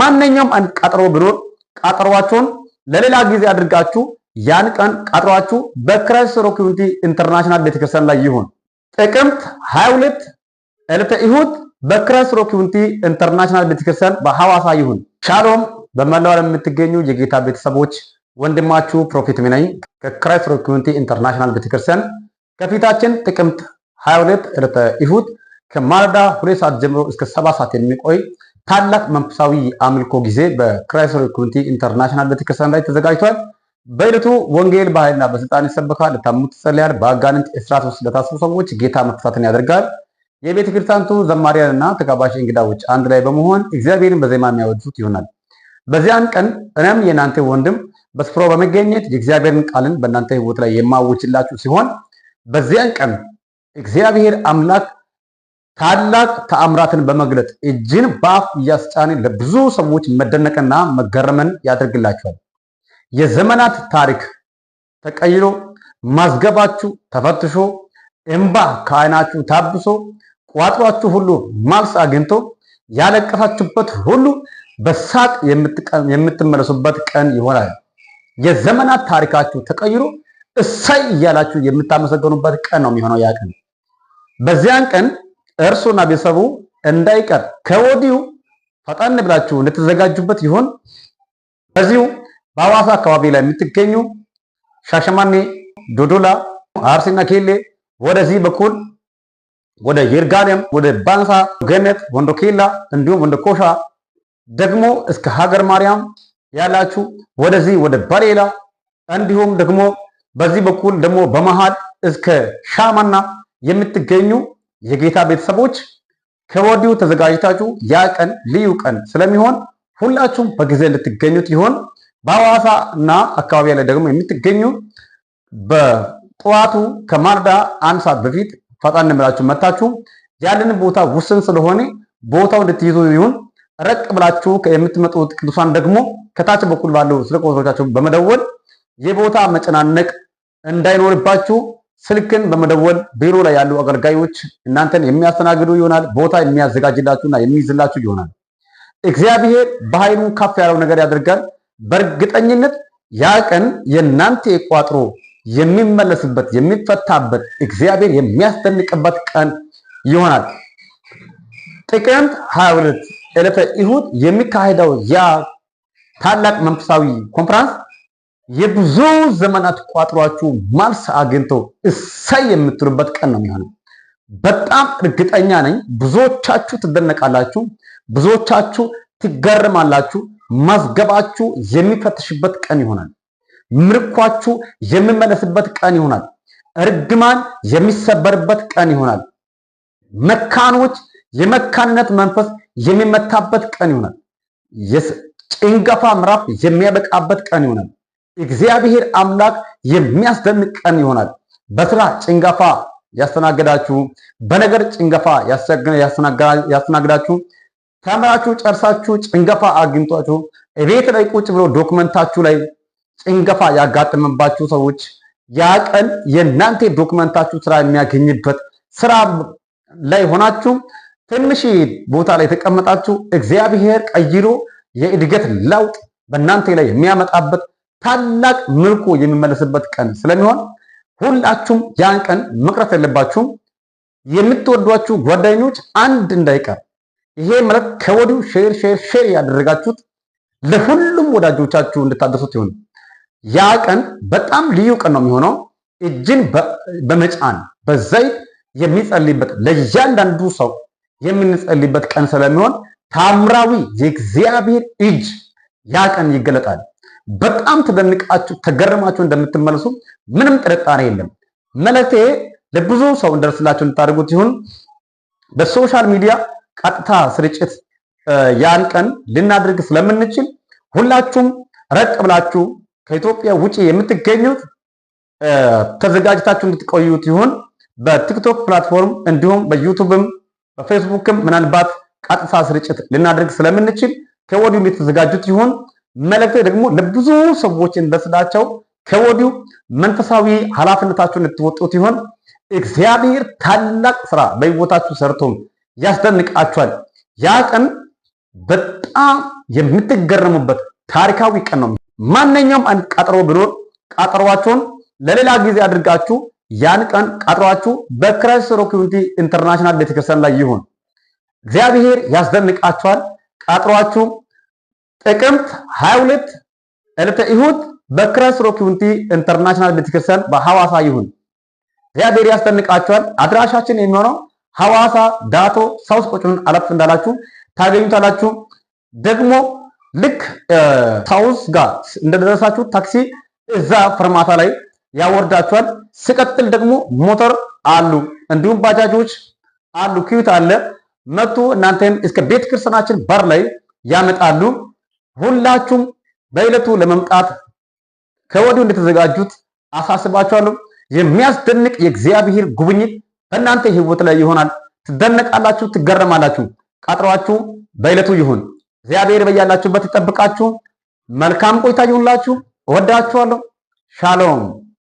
ማንኛውም አንድ ቀጠሮ ቢኖር ቀጠሯቸውን ለሌላ ጊዜ አድርጋችሁ ያን ቀን ቀጥሯችሁ በክራይስት ሮክ ኮሚኒቲ ኢንተርናሽናል ቤተክርስቲያን ላይ ይሁን። ጥቅምት 22 ዕለተ እሁድ በክራይስት ሮክ ኮሚኒቲ ኢንተርናሽናል ቤተክርስቲያን በሐዋሳ ይሁን። ሻሎም። በመላው ዓለም የምትገኙ የጌታ ቤተሰቦች ወንድማችሁ ፕሮፌት ሚናይ ከክራይስት ሮክ ኮሚኒቲ ኢንተርናሽናል ቤተክርስቲያን ከፊታችን ጥቅምት 22 ዕለተ እሁድ ከማለዳ ሁለት ሰዓት ጀምሮ እስከ ሰባት ሰዓት የሚቆይ ታላቅ መንፈሳዊ አምልኮ ጊዜ በክራይስት ኮሚኒቲ ኢንተርናሽናል ቤተክርስቲያን ላይ ተዘጋጅቷል። በዕለቱ ወንጌል በኃይልና በስልጣን ይሰበካል። ለታሙት ትጸልያል። በአጋንንት እስራት ውስጥ ለታሰሩ ሰዎች ጌታ መፍታትን ያደርጋል። የቤተ ክርስቲያንቱ ዘማሪያንና ተጋባዥ እንግዳዎች አንድ ላይ በመሆን እግዚአብሔርን በዜማ የሚያወድሱት ይሆናል። በዚያን ቀን እኔም የእናንተ ወንድም በስፍራው በመገኘት የእግዚአብሔርን ቃልን በእናንተ ሕይወት ላይ የማውችላችሁ ሲሆን በዚያን ቀን እግዚአብሔር አምላክ ታላቅ ተአምራትን በመግለጥ እጅን በአፍ እያስጫነ ለብዙ ሰዎች መደነቅና መገረምን ያደርግላቸዋል። የዘመናት ታሪክ ተቀይሮ ማዝገባችሁ ተፈትሾ እምባ ከዓይናችሁ ታብሶ ቋጥሯችሁ ሁሉ ማልስ አግኝቶ ያለቀሳችሁበት ሁሉ በሳቅ የምትመለሱበት ቀን ይሆናል። የዘመናት ታሪካችሁ ተቀይሮ እሳይ እያላችሁ የምታመሰገኑበት ቀን ነው የሚሆነው ያ ቀን። በዚያን ቀን እርሱና ቤተሰቡ እንዳይቀር ከወዲሁ ፈጣን ብላችሁ እንደተዘጋጁበት ይሁን። በዚሁ በሐዋሳ አካባቢ ላይ የምትገኙ ሻሸማኔ፣ ዶዶላ፣ አርሲና ኬሌ ወደዚህ በኩል ወደ ይርጋለም፣ ወደ ባንሳ ገነት፣ ወንዶ ኬላ እንዲሁም ወንዶ ኮሻ ደግሞ እስከ ሀገር ማርያም ያላችሁ ወደዚህ ወደ በሌላ እንዲሁም ደግሞ በዚህ በኩል ደግሞ በመሃል እስከ ሻማና የምትገኙ የጌታ ቤተሰቦች ከወዲሁ ተዘጋጅታችሁ ያ ቀን ልዩ ቀን ስለሚሆን ሁላችሁም በጊዜ ልትገኙት ይሆን። በሐዋሳ እና አካባቢ ላይ ደግሞ የምትገኙ በጠዋቱ ከማርዳ አንድ ሰዓት በፊት ፈጣን ብላችሁ መታችሁ ያለን ቦታ ውስን ስለሆነ ቦታው እንድትይዙ ይሁን። ረቅ ብላችሁ የምትመጡት ቅዱሳን ደግሞ ከታች በኩል ባለው ስልክ ቁጥሮቻችሁ በመደወል የቦታ መጨናነቅ እንዳይኖርባችሁ ስልክን በመደወል ቢሮ ላይ ያሉ አገልጋዮች እናንተን የሚያስተናግዱ ይሆናል። ቦታ የሚያዘጋጅላችሁና የሚይዝላችሁ ይሆናል። እግዚአብሔር በኃይሉ ከፍ ያለው ነገር ያደርጋል። በእርግጠኝነት ያ ቀን የእናንተ የቋጥሮ የሚመለስበት የሚፈታበት እግዚአብሔር የሚያስደንቅበት ቀን ይሆናል። ጥቅምት 22 ዕለተ እሁድ የሚካሄደው ያ ታላቅ መንፈሳዊ ኮንፈረንስ የብዙ ዘመናት ቋጥሯችሁ መልስ አግኝተው እሰይ የምትሉበት ቀን ነው የሚሆነው። በጣም እርግጠኛ ነኝ። ብዙዎቻችሁ ትደነቃላችሁ፣ ብዙዎቻችሁ ትገርማላችሁ። መዝገባችሁ የሚፈትሽበት ቀን ይሆናል። ምርኳችሁ የሚመለስበት ቀን ይሆናል። እርግማን የሚሰበርበት ቀን ይሆናል። መካኖች የመካንነት መንፈስ የሚመታበት ቀን ይሆናል። ጭንገፋ ምዕራፍ የሚያበቃበት ቀን ይሆናል። እግዚአብሔር አምላክ የሚያስደንቅ ቀን ይሆናል። በስራ ጭንገፋ ያስተናገዳችሁ፣ በነገር ጭንገፋ ያስተናግዳችሁ፣ ተምራችሁ ጨርሳችሁ ጭንገፋ አግኝቷችሁ ቤት ላይ ቁጭ ብሎ ዶክመንታችሁ ላይ ጭንገፋ ያጋጠመባችሁ ሰዎች ያ ቀን የእናንተ ዶክመንታችሁ ስራ የሚያገኝበት ስራ ላይ ሆናችሁ ትንሽ ቦታ ላይ የተቀመጣችሁ እግዚአብሔር ቀይሮ የእድገት ለውጥ በእናንተ ላይ የሚያመጣበት ታላቅ ምርኮ የሚመለስበት ቀን ስለሚሆን ሁላችሁም ያን ቀን መቅረት የለባችሁም። የምትወዷችሁ ጓደኞች አንድ እንዳይቀር ይሄ ማለት ከወዲሁ ሼር ሼር ሼር ያደረጋችሁት ለሁሉም ወዳጆቻችሁ እንድታደርሱት ይሁን። ያ ቀን በጣም ልዩ ቀን ነው የሚሆነው። እጅን በመጫን በዘይት የሚጸልይበት ለእያንዳንዱ ሰው የምንጸልይበት ቀን ስለሚሆን ታምራዊ የእግዚአብሔር እጅ ያ ቀን ይገለጣል። በጣም ተደንቃችሁ ተገርማችሁ እንደምትመለሱ ምንም ጥርጣሬ የለም። መልእክቴ ለብዙ ሰው እንደርስላችሁ እንድታደርጉት ይሁን። በሶሻል ሚዲያ ቀጥታ ስርጭት ያን ቀን ልናደርግ ስለምንችል ሁላችሁም ረቅ ብላችሁ ከኢትዮጵያ ውጪ የምትገኙት ተዘጋጅታችሁ እንድትቆዩት ይሁን። በቲክቶክ ፕላትፎርም እንዲሁም በዩቱብም በፌስቡክም ምናልባት ቀጥታ ስርጭት ልናደርግ ስለምንችል ከወዲሁ የተዘጋጁት ይሁን። መልእክቴ ደግሞ ለብዙ ሰዎች እንደስዳቸው ከወዲሁ መንፈሳዊ ኃላፊነታችሁን ልትወጡት ይሆን። እግዚአብሔር ታላቅ ስራ በሕይወታችሁ ሰርቶ ያስደንቃችኋል። ያ ቀን በጣም የምትገረሙበት ታሪካዊ ቀን ነው። ማንኛውም አንድ ቀጠሮ ቢኖር ቀጠሯችሁን ለሌላ ጊዜ አድርጋችሁ ያን ቀን ቀጥሯችሁ በክራይስት ሮክ ኮሚኒቲ ኢንተርናሽናል ቤተክርስቲያን ላይ ይሁን። እግዚአብሔር ያስደንቃችኋል። ቀጥሯችሁ ጥቅምት 22 ዕለተ ኢሁድ በክረስሮ ሮኪውንቲ ኢንተርናሽናል ቤተክርስቲያን በሐዋሳ ይሁን። እግዚአብሔር ያስጠንቃችኋል። አድራሻችን የሚሆነው ሐዋሳ ዳቶ ሳውስ ቆጭኑን አለፍ እንዳላችሁ ታገኙታላችሁ። ደግሞ ልክ ሳውስ ጋር እንደደረሳችሁ ታክሲ እዛ ፈርማታ ላይ ያወርዳችኋል። ሲቀጥል ደግሞ ሞተር አሉ፣ እንዲሁም ባጃጆች አሉ፣ ኪዩት አለ። መጥቶ እናንተን እስከ ቤተክርስቲያናችን ባር በር ላይ ያመጣሉ። ሁላችሁም በዕለቱ ለመምጣት ከወዲሁ እንደተዘጋጁት አሳስባችኋለሁ። የሚያስደንቅ የእግዚአብሔር ጉብኝት በእናንተ ህይወት ላይ ይሆናል። ትደነቃላችሁ፣ ትገረማላችሁ። ቀጠሯችሁ በዕለቱ ይሁን። እግዚአብሔር በያላችሁበት ይጠብቃችሁ። መልካም ቆይታ ይሁንላችሁ። እወዳችኋለሁ። ሻሎም